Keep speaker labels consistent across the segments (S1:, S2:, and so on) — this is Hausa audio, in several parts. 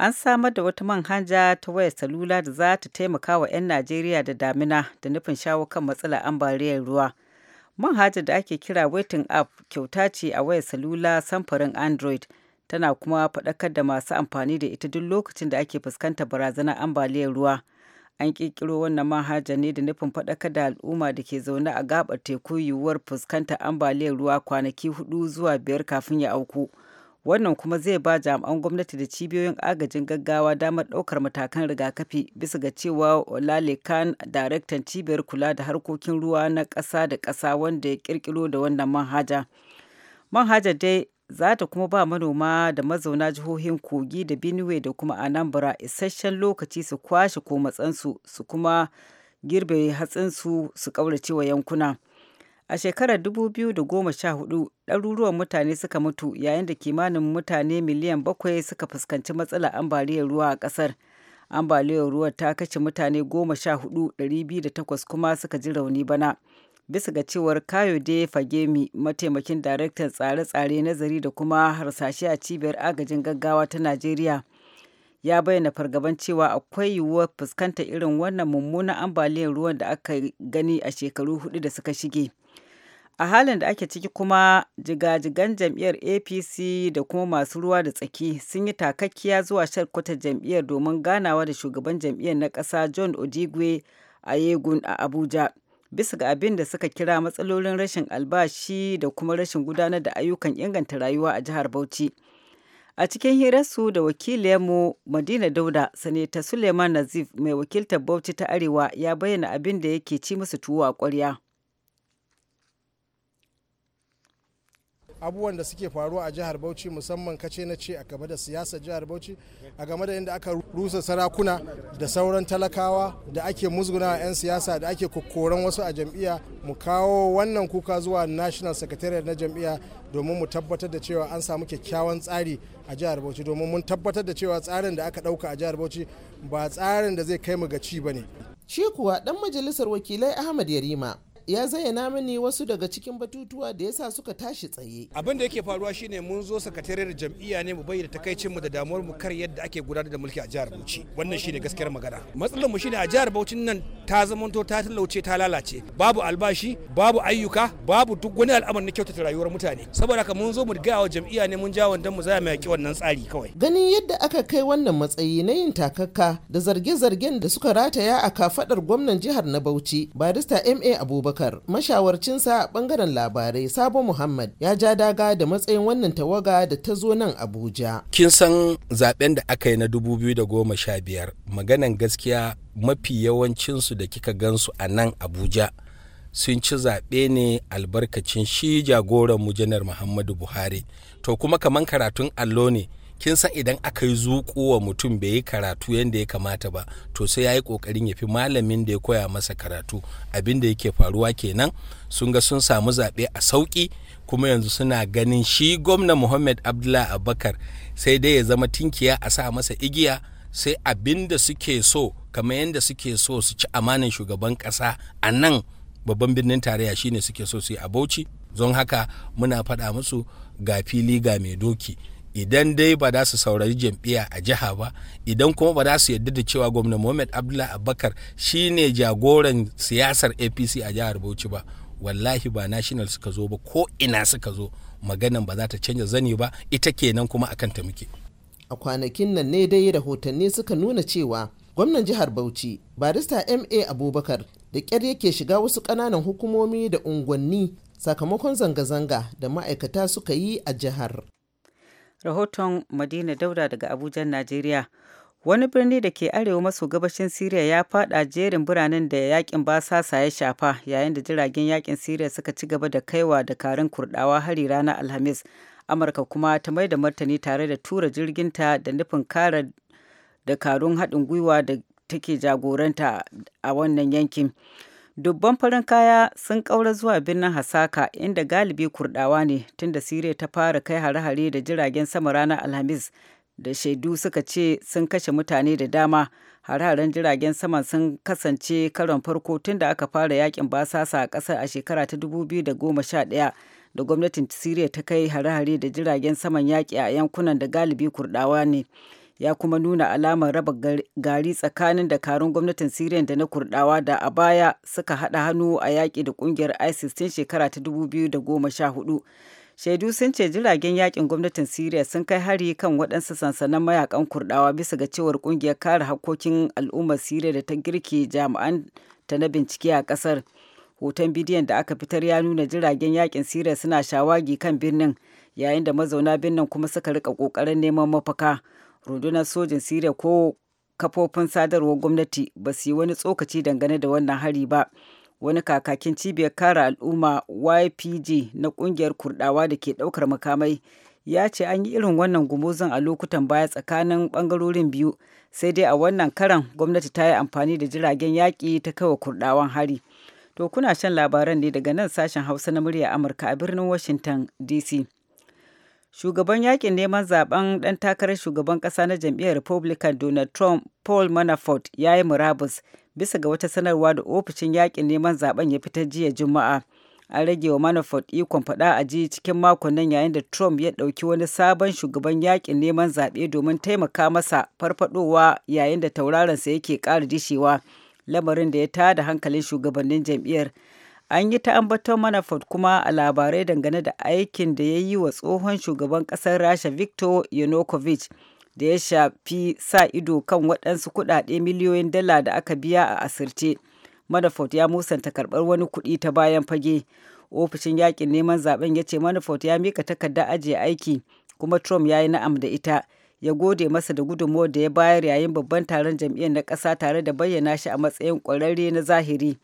S1: an samar da wata manhaja ta wayar salula da za ta taimaka wa 'yan najeriya da damina da nufin shawo kan matsalar ambaliyar ruwa manhajar da ake kira waiting app kyauta ce a wayar salula samfurin android tana kuma faɗakar da masu amfani da ita duk lokacin da ake fuskantar barazanar ambaliyar ruwa an ƙirƙiro wannan manhaja ne da nufin faɗakar da al'umma da ke zaune a gaɓar teku yiwuwar fuskantar ambaliyar ruwa kwanaki hudu zuwa biyar kafin ya auku. wannan kuma zai ba jami'an gwamnati da cibiyoyin agajin gaggawa damar ɗaukar matakan rigakafi bisa ga cewa olale khan daraktan cibiyar kula da harkokin ruwa na ƙasa da ƙasa wanda ya ƙirƙiro da wannan manhaja manhaja dai za ta kuma ba manoma da mazauna jihohin kogi da benue da kuma anambra isasshen lokaci su kwashe komatsansu su kuma girbe hatsinsu su ƙaurace wa yankuna A shekarar 2014, ɗaruruwan mutane suka mutu yayin da kimanin mutane miliyan bakwai suka fuskanci matsalar ambaliyar ruwa a ƙasar. Ambaliyar ruwa ta kashe mutane goma sha hudu, ɗari biyu da takwas kuma suka ji rauni bana. Bisa ga cewar Kayode Fagemi, mataimakin daraktan tsare-tsare nazari da kuma harsashe a cibiyar agajin gaggawa ta Najeriya. ya bayyana fargaban cewa akwai yiwuwar fuskantar irin wannan mummunan ambaliyar ruwan da aka gani a shekaru hudu da suka shige a halin da ake ciki kuma jigajigan jam'iyyar apc da kuma masu ruwa da tsaki sun yi takakkiya zuwa sharkwata jam'iyyar domin ganawa da shugaban jam'iyyar na ƙasa john odigwe a yegun a abuja bisa ga abin da suka kira matsalolin rashin albashi da kuma rashin gudanar da ayyukan inganta rayuwa a jihar bauchi A cikin hirarsu da wakilinmu Madina Dauda, Sanita Suleiman Nazif mai wakiltar Bauchi ta Arewa ya bayyana abin da yake ci musu tuwo a ƙwarya.
S2: abubuwan da suke faruwa a jihar bauchi musamman kace na ce a game da siyasar jihar bauchi a game da inda aka rusa sarakuna da sauran talakawa da ake musguna 'yan siyasa da ake kokoron wasu a jam'iyya mu kawo wannan kuka zuwa national secretariat na jam'iyya domin mu tabbatar da cewa an samu kyakkyawan tsari a jihar bauchi domin mun tabbatar da cewa tsarin da aka dauka a jihar bauchi ba tsarin da zai kai mu ga ci ba ne shi kuwa dan majalisar wakilai ahmad yarima ya zayyana mini wasu daga cikin batutuwa
S3: da yasa suka tashi tsaye
S2: abin da yake faruwa shine mun zo sakatariyar jam'iyya ne mu bayyana takaicin mu da damuwar mu kar yadda ake gudanar da mulki a jihar Bauchi wannan shine gaskiyar magana matsalar mu shine a jihar Bauchi nan ta zamanto ta talauce ta lalace babu albashi babu ayyuka babu duk wani al'amari na kyautata rayuwar mutane saboda haka mun zo mu ga wa jam'iyya ne mun ja wanda mu za mu yaki wannan tsari kawai
S3: ganin yadda aka kai wannan matsayi na yin takakka da zarge-zargen da suka rataya a kafadar gwamnan jihar na Bauchi barista MA Abubakar abubakar mashawarcinsa bangaren labarai sabo muhammad ya ja daga da matsayin wannan tawaga da ta zo nan abuja
S4: kin san zaben da aka yi na 2015 maganan gaskiya mafi yawancinsu da kika gansu a nan abuja sun ci zaɓe ne albarkacin shi jagoran mu janar muhammadu buhari to kuma kaman karatun allo ne kin san idan aka yi zuƙo wa mutum bai yi karatu yadda ya kamata ba to sai ya yi ƙoƙarin ya fi malamin da ya koya masa karatu abin da yake faruwa kenan sun ga sun samu zaɓe a sauƙi kuma yanzu suna ganin shi gwamna muhammad abdullah abubakar sai dai ya zama tinkiya a sa masa igiya sai abin da suke so kamar yadda suke so su ci amanin shugaban ƙasa a nan babban birnin tarayya shine suke so su yi a bauchi don haka muna faɗa musu ga fili ga mai doki idan dai ba za su saurari jam'iyya a jiha ba idan kuma ba za su yarda da cewa gwamna mohamed abdullahi abubakar shine jagoran siyasar apc a jihar bauchi ba wallahi ba national suka zo ba ko ina suka zo maganan ba za ta canza zani ba ita kenan kuma akan ta muke a kwanakin nan ne dai
S3: rahotanni suka nuna cewa gwamnan jihar bauchi barista ma abubakar da ƙyar yake shiga wasu ƙananan hukumomi da unguwanni sakamakon zanga-zanga da ma'aikata suka yi a jihar
S1: rahoton madina dauda daga abuja najeriya wani birni da ke arewa maso gabashin siriya ya fada jerin biranen da yakin basasa ya shafa yayin da jiragen yakin siriya suka ci gaba da kaiwa da karin kurdawa hari ranar alhamis amurka kuma ta mai da martani tare da tura jirginta da nufin kara dakarun haɗin gwiwa da take jagoranta a wannan yankin dubban farin kaya sun ƙaura zuwa birnin hasaka inda galibi kurdawa ne tunda siriya ta fara kai hare-hare da jiragen sama ranar alhamis da shaidu suka ce sun kashe mutane da dama hare-haren jiragen sama sun kasance karon farko tunda aka fara yakin basasa a ƙasar a shekara ta 2011 da gwamnatin siriya ta kai hare-hare da jiragen saman yaƙi a yankunan da galibi kurdawa ne ya kuma nuna alamar raba gari tsakanin dakarun gwamnatin syria da na kurdawa da a baya suka haɗa hannu a yaƙi da ƙungiyar isis tun shekara ta 2014 shaidu sun ce jiragen yakin gwamnatin syria sun kai hari kan waɗansu sansanin mayakan kurɗawa bisa ga cewar ƙungiyar kare hakkokin al'ummar syria da ta girke jami'an ta na bincike a ƙasar hoton bidiyon da aka fitar ya nuna jiragen yakin syria suna shawagi kan birnin yayin da mazauna birnin kuma suka rika ƙoƙarin neman mafaka rundunar sojin siriya ko kafofin sadarwar gwamnati ba su yi wani tsokaci dangane da wannan hari ba wani kakakin cibiyar kare al'umma ypg na kungiyar kurdawa da ke daukar makamai ya ce an yi irin wannan gumuzin a lokutan baya tsakanin bangarorin biyu sai dai a wannan karan gwamnati ta yi amfani da jiragen yaƙi ta kawo kurdawan hari to kuna shan labaran ne daga nan sashen hausa na murya amurka a birnin washington dc shugaban yakin neman zaben dan takarar shugaban kasa na jam'iyyar republican donald trump paul manafort ya yi murabus bisa ga wata sanarwa da ofishin yakin neman zaben ya fitar jiya juma'a an rage wa manafort ikon faɗa a ji cikin makon nan yayin da trump ya ɗauki wani sabon shugaban yakin neman zaɓe domin taimaka masa farfadowa yayin da tauraronsa yake ƙara dishewa lamarin da ya tada hankalin shugabannin jam'iyyar An yi ta ambaton Manafort kuma a labarai dangane da aikin da ya yi wa tsohon shugaban kasar Rasha victor Yanukovych da ya shafi sa ido kan waɗansu kuɗaɗe miliyoyin dala da aka biya a asirce. Manafort ya musanta karɓar wani kuɗi ta bayan fage. Ofishin yakin neman zaben ya ce Manafort ya mika takarda ajiye aiki kuma Trump ya yi na'am da ita. ya gode masa da gudunmuwar da ya bayar yayin babban taron jam'iyyar na ƙasa tare da bayyana shi a matsayin ƙwararre na zahiri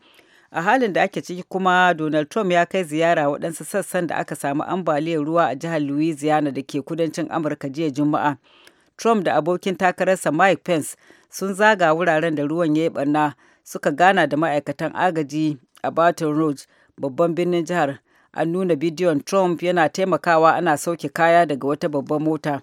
S1: a halin da ake ciki kuma donald trump ya kai ziyara waɗansu sassan da aka samu ambaliyar ruwa a jihar louisiana da ke kudancin amurka jiya juma'a trump da abokin takararsa mike pence sun zaga wuraren da ruwan ya yi barna suka gana da ma'aikatan agaji a baton rouge babban birnin jihar an nuna bidiyon trump yana taimakawa ana sauke kaya daga wata babbar mota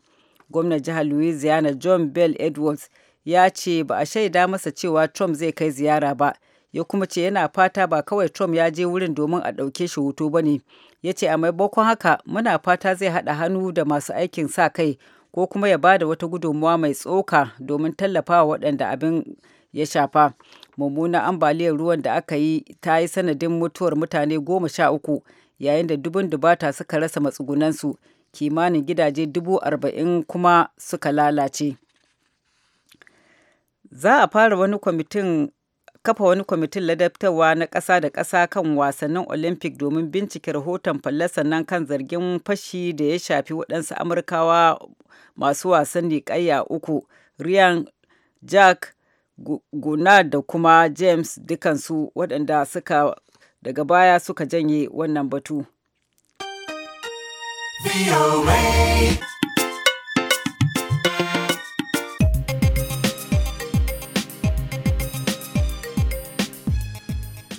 S1: gwamnan jihar louisiana john bell edwards ya ce ba a shaida masa cewa trump zai kai ziyara ba ya kuma ce yana fata ba kawai Trump ya je wurin domin a ɗauke shi hoto ba ne. Ya ce a maimakon haka muna fata zai haɗa hannu da masu aikin sa kai ko kuma ya bada wata gudunmuwa mai tsoka domin tallafa wa waɗanda abin ya shafa. mummuna ambaliyar ruwan da aka yi ta yi sanadin mutuwar mutane goma sha uku yayin da dubun dubata suka rasa matsugunansu kimanin gidaje dubu arba'in kuma suka lalace. Za a fara wani kwamitin kafa wani kwamitin ladabtarwa na ƙasa da ƙasa kan wasannin olympic domin bincike rahoton fallasan sannan kan zargin fashi da ya shafi waɗansu amurkawa masu wasan niƙayya uku ryan jack guna da kuma james dukansu waɗanda suka daga baya suka janye wannan batu.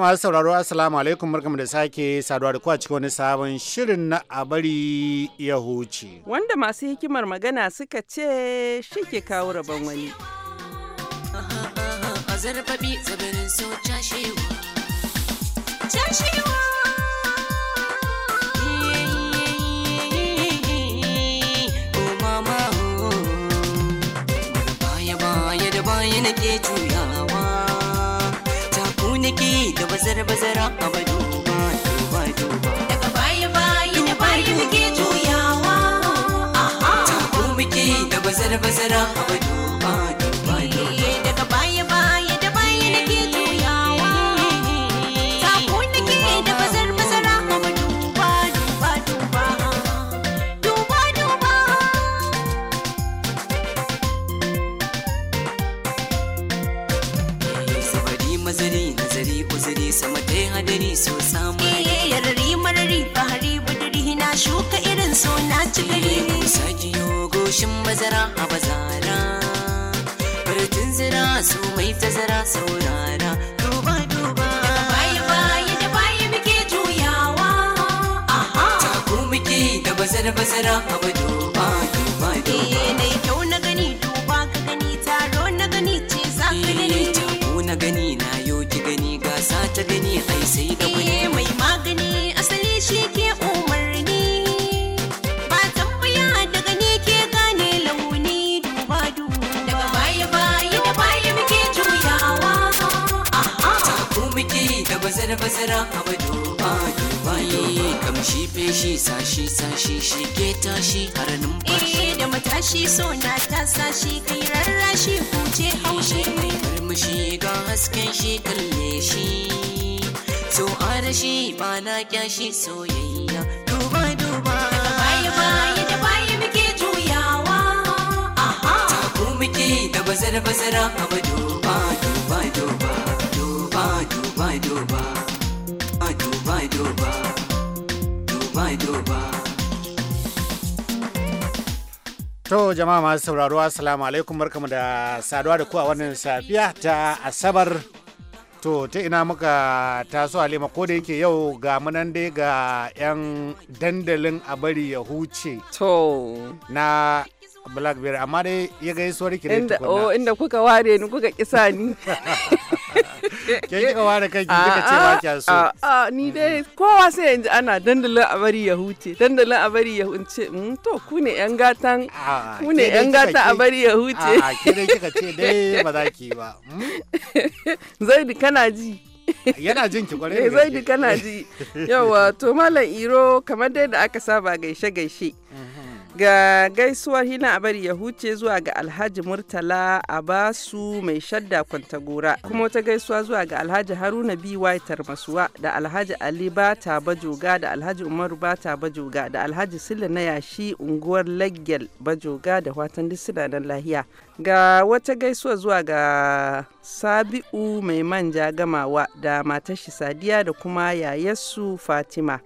S5: masu sauraro asalamu alaikum barkamu da sake saduwa da a cikin wani sabon shirin na a bari ya huce.
S3: Wanda masu hikimar magana suka ce shi ke kawo rabon wani.
S6: zabirin so cashewa. Cashewa. bazara a zira abu duba duba kamshi feshi sashi sashi shi ke tashi har numfashi eh, da matashi so na ta sashi kai rarrashi huce haushi murmushi ga hasken shi kalle shi so arashi ba na kyashi soyayya duba duba baya baya da baya muke juyawa aha ta ku muke da bazara bazara abu duba duba duba duba duba duba
S5: To jama'a masu sauraro assalamu alaikum barkamu da saduwa da ku a wannan safiya ta asabar to ta ina muka taso halima ko da yake yau ga munan dai ga 'yan dandalin a bari ya huce to na blackberry amma dai ya gaisuwar ki oh,
S3: inda kuka ware ni kuka kisa ni
S5: Ke kika ware kanki kika ce ba kya so. A ah, ah,
S3: ah, ni dai kowa sai yanzu ana dandalin a bari ya huce dandalin a bari ya huce mm, to ku ne yan gatan ku ne yan gatan a bari ya huce. A ke dai kika
S5: ce dai ba za ki ba. Mm? Zaidi kana ji. yana jin ki kwarai eh, zai kana ji
S3: yawa to malam iro kamar dai da aka saba gaishe gaishe mm-hmm. Ga gaisuwar hina a bari ya huce zuwa ga Alhaji Murtala a basu mai shadda kwantagora kuma wata gaisuwa zuwa ga Alhaji Haruna B.Y. Tarmasuwa da Alhaji Ali Bata Bajoga da Alhaji Umaru Bata Bajoga da Alhaji Sule na yashi unguwar Laggel Bajoga da watan duk sinadan lahiya. Ga wata gaisuwa zuwa ga Sabi'u mai manja gamawa da matashi Sadiya da kuma yayasu Fatima.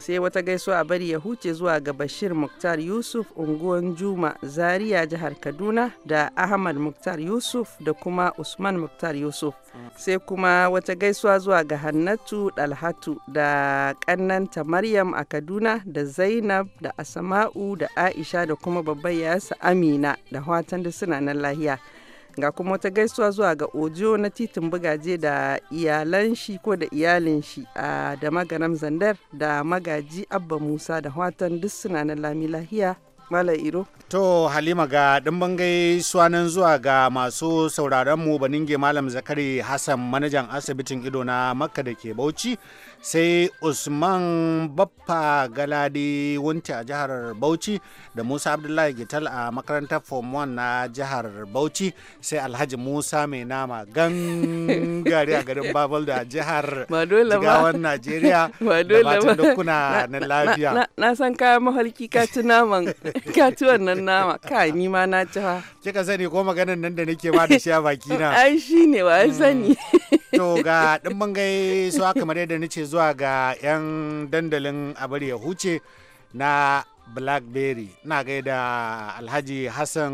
S3: sai wata gaisuwa a bari ya huce zuwa ga bashir muktar yusuf unguwan juma zaria jihar kaduna da ahmad muktar yusuf da kuma usman muktar yusuf sai kuma wata gaisuwa zuwa ga hannatu dalhatu da kannanta maryam a kaduna da zainab da asama'u da aisha da kuma babbar yasa amina da watan da suna nan lahiya ga kuma wata gaisuwa zuwa ga ojo na titin bugaje da iyalan shi ko da iyalin shi a da
S5: maganam zandar da magaji abba musa da watan duk suna na lami lahiya Mala Iro. To Halima ga ɗimbin gaisuwa nan zuwa ga masu sauraron mu Baninge Malam Zakari Hassan manajan asibitin ido na Makka da ke Bauchi sai usman baffa galadi wunti a jihar bauchi da musa abdullahi gital a makarantar form 1 na jihar bauchi sai alhaji musa mai nama gangare a garin babal da jihar jigawan najeriya da fatan dukuna na lafiya
S3: na san kaya mahalki ka ci naman
S5: ka ci wannan nama ka ni ma na ci kika sani ko maganin nan da nake ba da shi a baki na ai shine wa hmm. sani to ga dimbin gai su kamar yadda nace zuwa ga 'yan dandalin abar ya huce na blackberry na gaida alhaji hassan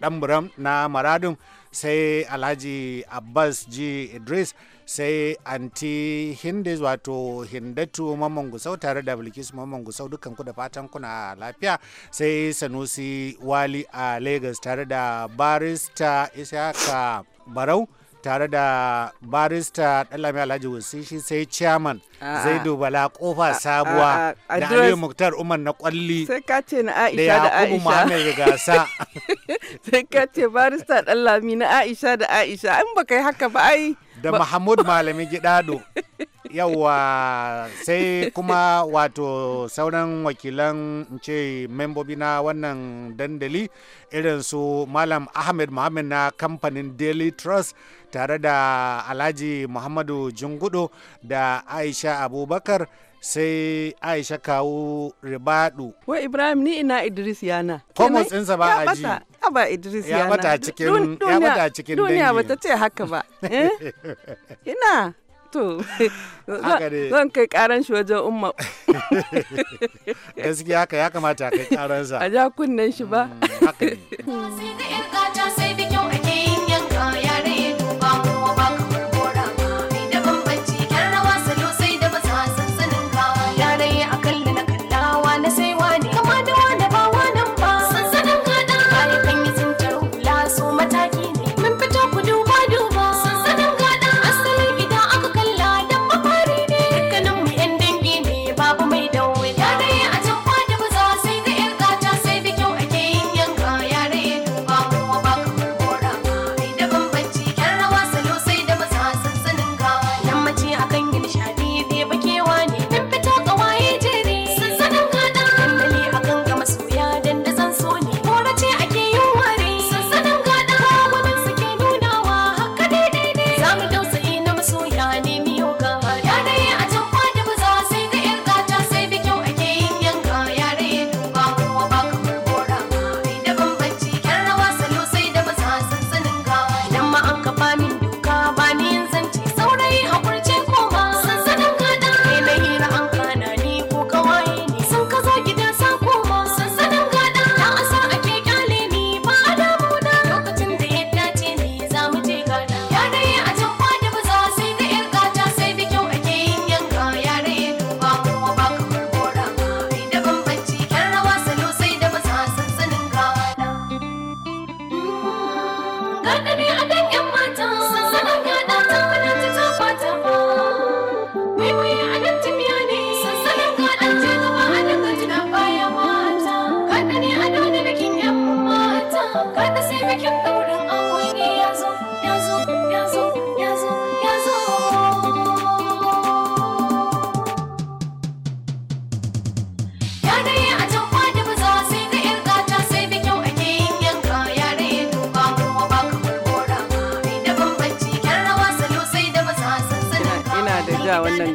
S5: ɗanburam na maradun sai alhaji abbas g idris sai anti hindis wato hindatu mamman gusau tare da bilkisu mamman gusau dukkan da fatan kuna lafiya sai sanusi wali a lagos tare da barista isaka barau tare da barista dalami alhaji wasishi sai chairman zai bala kofa sabuwa da aliyu muktar umar na kwalli sai
S3: ka ce na aisha da aisha muhammad gasa sai ka ce barista dalami na aisha da
S5: aisha an baka yi haka ba ai da mahmud malami gidado yawa sai kuma wato sauran wakilan ce membobi na wannan dandali irin su malam ahmed muhammad na kamfanin daily trust tare da alhaji muhammadu jungudo da aisha abubakar sai aisha kawo ribadu wai ibrahim ni ina idris
S3: yana komos ɗinsa ba a ji ya ba idris yana ya bata cikin dangi duniya bata ce haka ba eh? ina to zan kai karan shi wajen umma
S5: gaskiya haka ya kamata kai karansa a
S3: ja kunnen shi ba mm, haka
S6: ne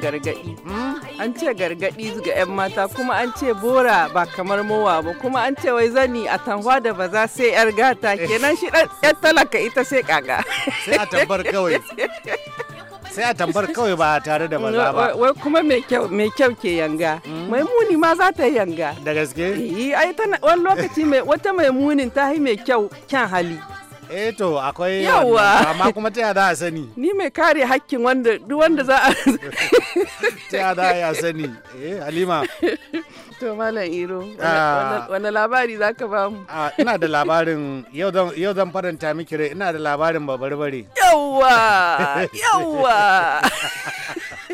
S6: gargaɗi mm,
S3: an ce gargaɗi ga 'yan mata kuma an ce bora ba kamar mowa ba kuma an ce wai zani a tanwa da ba za sai 'yar gata eh. kenan shi ɗan talaka ita sai kaga
S5: sai a tambar kawai sai a tambar kawai ba tare da maza ba wai
S3: kuma mai kyau ke yanga mm. mai muni ma za ta yanga da gaske eh, ai wani lokaci wata mai munin ta yi mai kyau kyan hali
S5: eh to akwai yawa amma kuma ta yada a sani
S3: ni mai kare hakkin wanda duk wanda za a
S5: ta yada a sani eh halima
S3: to malam iro wani ah. labari za ka bamu
S5: ah, ina da labarin yau zan faranta miki rai ina da labarin babarbare
S3: yawa yawa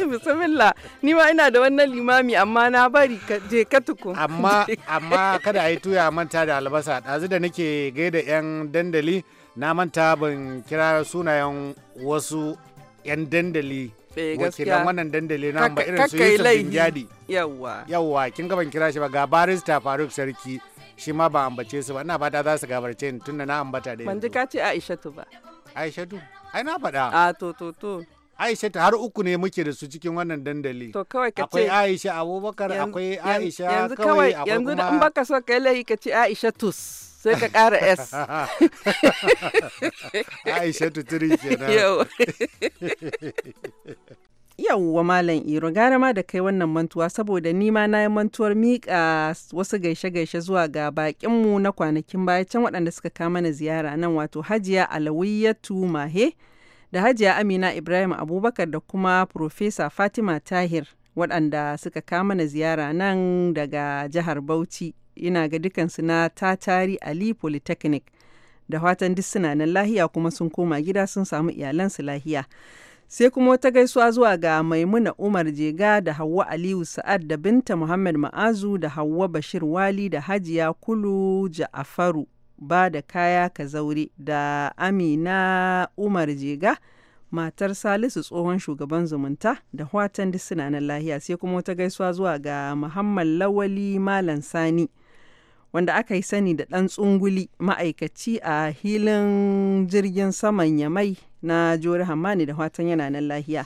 S3: bismillah ni ma
S5: ina da wannan limami amma na bari je ka tuku amma amma kada a yi tuya manta da albasa ɗazu da nake gaida 'yan dandali na manta ban kira sunayen wasu 'yan dandali wakilan eh, wannan dandali na ba irin su yusuf dingyadi yawwa yawwa kin ga ban kira shi ba ga barista faruk sarki shi ma ba ambace su ba ina fata za su gabarce ni tunda na ambata da ban ka ce aishatu ba aishatu ai na faɗa a to to to Aisha har uku ne muke da su cikin wannan dandali. To kawai ka ce. Akwai Aisha Abubakar, akwai Aisha kawai. Yanzu kawai yanzu da in baka
S3: so kai layi ka ce Aisha tus. sai ka ƙara s
S5: aisha tuturi kenan
S3: malam iro gara ma da kai wannan mantuwa saboda nima na yi mantuwar miƙa wasu gaishe-gaishe zuwa ga baƙinmu na kwanakin baya can waɗanda suka kama na ziyara nan wato hajiya alawiyatu mahe da hajiya amina ibrahim abubakar da kuma profesa fatima tahir waɗanda suka kama mana ziyara nan daga jihar bauchi ina ga dukansu na tatari ali polytechnic da fatan duk suna nan lahiya kuma sun koma gida sun samu iyalansu lahiya sai kuma wata gaisuwa zuwa ga maimuna umar jega da hawa aliyu sa'ad da binta muhammad ma'azu da hawa bashir wali da hajiya kulu ja'afaru ba da kaya ka zaure da amina umar jega matar salisu tsohon shugaban zumunta da watan duk suna nan lahiya sai kuma wata gaisuwa zuwa ga muhammad lawali malam sani wanda aka yi sani da ɗan tsunguli ma'aikaci a hilin jirgin saman yamai na jori hamani da watan yana nan lahiya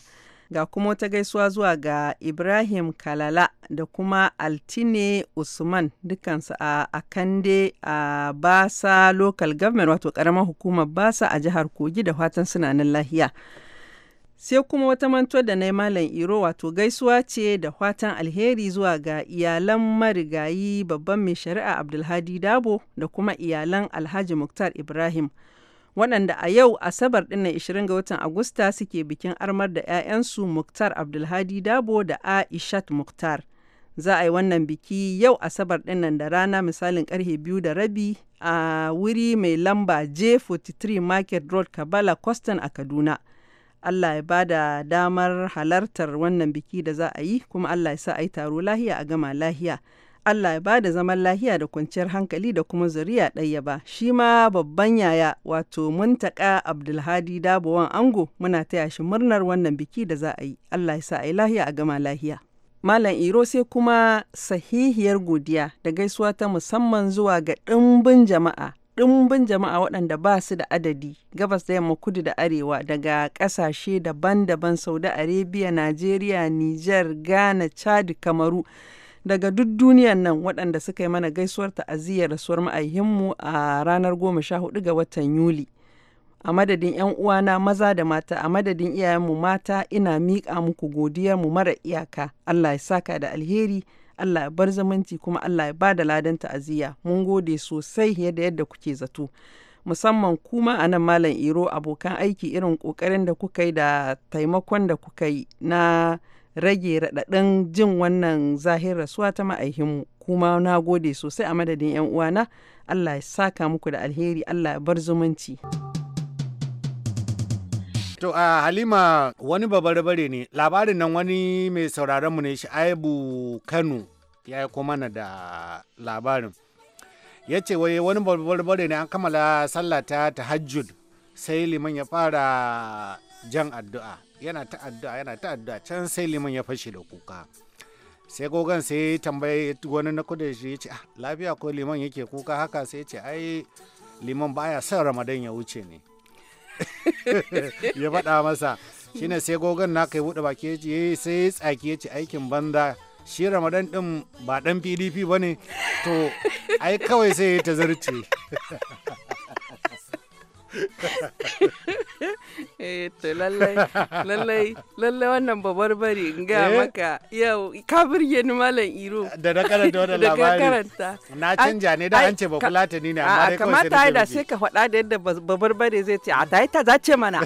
S3: ga kuma wata gaisuwa zuwa ga ibrahim kalala da kuma altine usman dukansu a akande a basa local government wato karamar hukumar basa a jihar kogi da watan suna nan lahiya Sai kuma wata manto da na Malam Iro wato gaisuwa ce da fatan alheri zuwa ga iyalan marigayi babban mai shari'a Abdulhadi Dabo da kuma iyalan Alhaji Muktar Ibrahim. waɗanda a yau Asabar ɗin 20 ga watan Agusta suke bikin armar da 'ya'yansu Muktar Abdulhadi Dabo da Aishat Muktar. Za a yi wannan biki yau Asabar ɗinnan da rana misalin karfe biyu da rabi a wuri mai lamba J43 Market Road Kabala Kwastan a Kaduna. Allah ya ba da damar halartar wannan biki da za a yi kuma Allah ya sa a yi taro lahiya a gama lahiya. Allah ya ba da zaman lahiya da kwanciyar hankali da kuma zuriya ɗaya ba. Shi ma babban yaya wato muntaka Abdulhadi Dabowan Ango muna taya shi murnar wannan biki da za a yi. Allah ya sa a yi lahiya a gama lahiya. Malam Iro sai kuma sahihiyar godiya da gaisuwa ta musamman zuwa ga ɗimbin jama'a ɗimbin jama'a waɗanda ba su da adadi gabas da yamma kudu da arewa daga ƙasashe daban-daban saudi arabia nigeria niger ghana chad kamaru daga duk duniyar nan waɗanda suka yi mana gaisuwar ta'aziyyar rasuwar ma'aihinmu a ranar goma sha hudu ga watan yuli a madadin 'yan uwana maza da mata a madadin iyayenmu mata ina miƙa muku godiyarmu mara iyaka allah ya saka da alheri Allah ya bar zamanci kuma Allah ya ba da ladan ta'aziyya mun gode sosai yadda yadda kuke zato musamman kuma a nan malam iro abokan aiki irin kokarin da kuka yi da taimakon da kuka yi na rage raɗaɗin jin wannan zahir rasuwa ta ma'aihinmu kuma na gode sosai a madadin 'yan uwana Allah ya saka muku da alheri Allah ya bar zumunci.
S5: To a Halima wani bare ne labarin nan wani mai sauraronmu ne shi Aibu Kano ya yi mana da labarin. Ya ce wai wani bare ne an kammala sallah ta tahajjud sai liman ya fara jan addu'a yana ta addu'a yana ta addu'a can sai liman ya fashe da kuka. sai gogon sai tambaye wani na kudu shi ya ce ah, lafiya ko liman yake kuka haka sai ya ce ai liman baya son ramadan ya wuce ne ya faɗa masa shine sai gogon na kai buɗe baki ya ce eh, sai tsaki ya ce aikin banza shi ramadan ɗin ba ɗan pdp ba ne to ai kawai sai ya ta zarce
S3: Eto, lallai lallai lallai wannan babar bari in ga maka yau ka burge ni malam iro da na karanta wannan labari da karanta
S5: na canja ne da an ce ba
S3: kulata ni ne amma dai kamata da sai ka faɗa da yadda babar bari zai ce a dai ta zace mana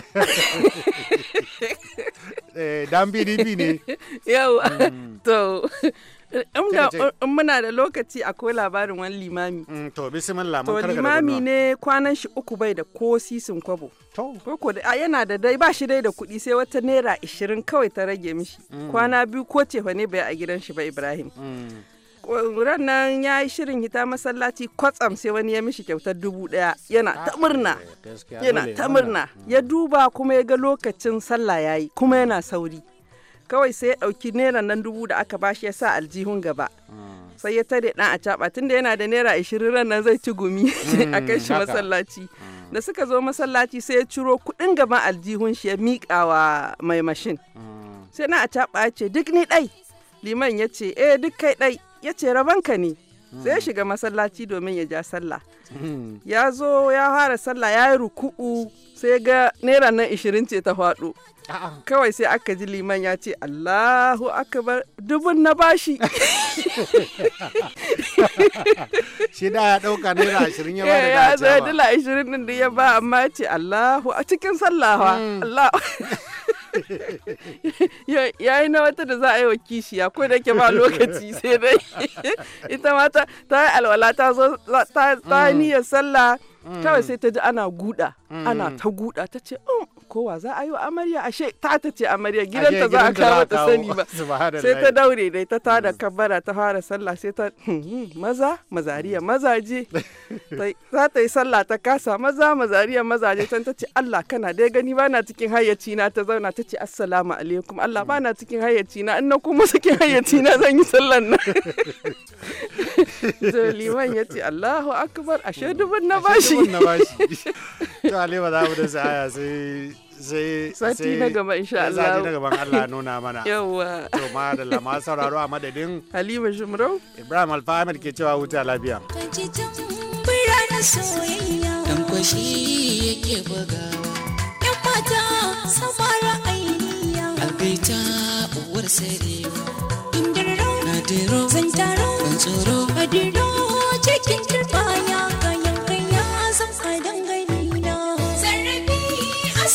S5: dan PDP ne yau
S3: to Eh, muna da lokaci akwai labarin wani limami mm, to
S5: bismillah to limami
S3: ne kwanan shi uku bai da ko sisin kwabo ko da yana da dai ba shi dai da kuɗi sai wata naira ishirin kawai ta rage mishi mm. kwana biyu ko cefa ne bai a gidan shi ba ibrahim mm. ran nan ya yi shirin hita masallaci kwatsam sai wani ya mishi kyautar dubu daya yana ta ah, murna
S6: eh, yana ta murna
S3: ya duba kuma ya ga lokacin sallah yayi kuma yana sauri kawai sai ya ɗauki naira nan dubu da aka bashi ya sa aljihun gaba
S6: ah.
S3: sai ya tare dan a caɓa tunda yana da naira ashirin ran nan zai ci gumi a mm, kai shi masallaci ah. da suka zo masallaci sai ya ciro kuɗin gaban aljihun shi ya miƙa wa mai mashin ah. sai na a caɓa ya ce duk ni ɗai liman ya ce eh duk kai ɗai ya ce rabanka ne sai shiga masallaci domin ya ja sallah hmm. ya zo ya fara sallah ya yi ruku'u sai ga naira nan ishirin ce ta faɗo kawai sai aka ji liman ya ce allahu akbar dubun na bashi
S5: shi da ya ɗauka naira ashirin ya bada eh, ya zai dala
S3: ashirin din da ya ba amma ya ce allahu a cikin sallah hmm. allahu ya yi na wata da za a yi wa kishiya ko da ke ba lokaci sai dai ita ma ta yi alwala ta zo ta mm. niyyar sallah mm. kawai sai ta ji ana guda ana mm. ta guda ta ce oh, kowa za a yi wa amarya ashe ta ta ce amarya gidanta za a kawo ta sani ba
S5: sai ta
S3: daure dai ta tada mm. kabbara ta fara sallah sai ta hmm, hmm, maza mazariya mazaje za ta yi sallah ta kasa maza mazariya mazaje can ta ce Allah kana dai gani bana cikin hayyaci na ta zauna ta ce assalamu alaikum Allah bana cikin hayyaci na ina na kuma cikin
S5: hayyaci na zan yi sallan nan
S3: to liman ya ce Allahu akbar ashe dubun na bashi
S5: to alima za mu da sai sai sati na gaba insha Allah sati na gaban Allah nuna mana yawa to ma da lama sauraro a madadin Halima Jumrau Ibrahim Alfahamid ke cewa huta lafiya
S6: Dan kwashi yake bugawa Yan mata samara ainiya Algaita uwar sarewa Indirro zan Zantaro Bantsoro Adiro cikin turbaya Kayan kaya zan a dangane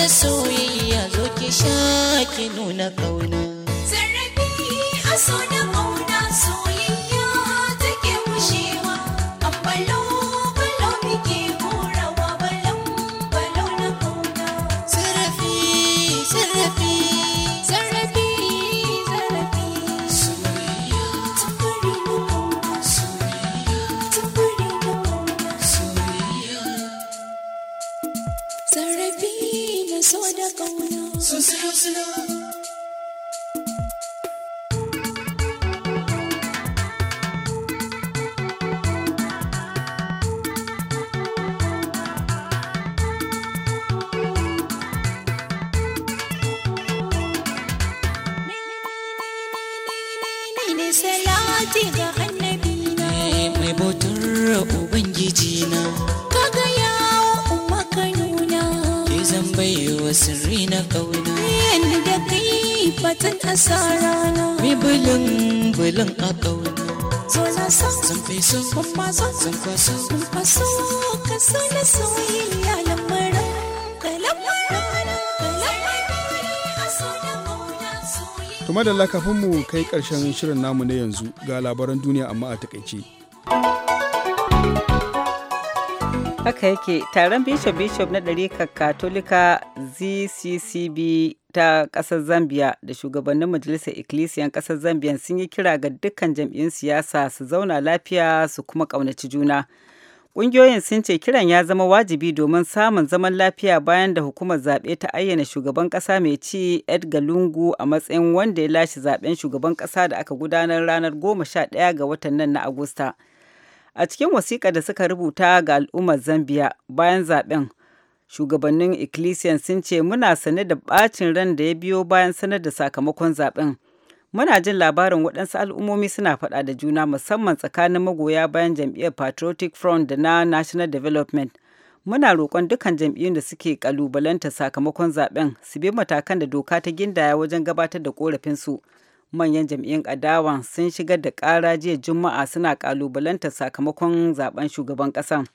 S6: na soyayya zo ki sha ki nuna kauna. Zarafi a so da kauna soyayya. salati ga annabi na mai bautar ubangiji na ka ga yawo umma ka nuna ke zan baiwa sirri na kauna yadda da kai fatan asara na mai bulin bulin a kauna so na so zan fi so kuma so zan kwaso kun kwaso ka so na soyayya
S2: kuma da kafin mu kai karshen shirin namu na yanzu ga labaran duniya amma a takaice.
S1: haka yake taron bishop bishop na ɗarika katolika zccb ta ƙasar zambia da shugabannin majalisar ikkilisiyan ƙasar zambia sun yi kira ga dukkan jam'iyyun siyasa su zauna lafiya su kuma ƙaunaci juna Ƙungiyoyin sun ce kiran ya zama wajibi domin samun zaman lafiya bayan da hukumar zaɓe ta ayyana shugaban ƙasa mai ci Edgar Lungu a matsayin wanda ya lashe zaɓen shugaban ƙasa da aka gudanar ranar 11 ga watan nan na Agusta. A cikin wasiƙa da suka rubuta ga al'ummar Zambiya bayan zaɓen, shugabannin Ecclesian sun ce muna sane da ɓacin ran da ya biyo bayan sanar da sakamakon zaɓen. Muna jin labarin waɗansu al'ummomi suna faɗa da juna musamman tsakanin magoya bayan jam'iyyar Patriotic Front da na National Development. Muna roƙon dukkan jam'iyyun da suke ƙalubalanta sakamakon zaben su bi matakan da doka ta gindaya wajen gabatar da korafinsu. Manyan jam'iyyun adawan sun shigar da ƙara jiya Juma'a suna ƙalubalanta sakamakon zaben shugaban ƙasan.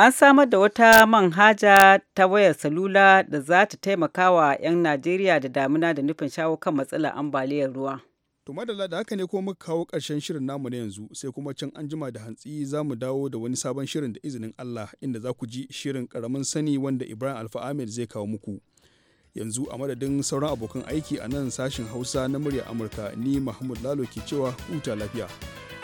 S1: An samar da wata manhaja ta wayar salula da za ta taimaka wa 'yan Najeriya da damuna da nufin shawo kan matsalar ambaliyar ruwa.
S2: To madalla da haka ne kuma muka kawo ƙarshen shirin namu na yanzu sai kuma can an jima da hantsi za mu dawo da wani sabon shirin da izinin Allah inda za ku ji shirin ƙaramin sani wanda Ibrahim Alfa Ahmed zai kawo muku. Yanzu a madadin sauran abokan aiki a nan sashin Hausa na murya Amurka ni Mahmud Lalo ke cewa huta lafiya.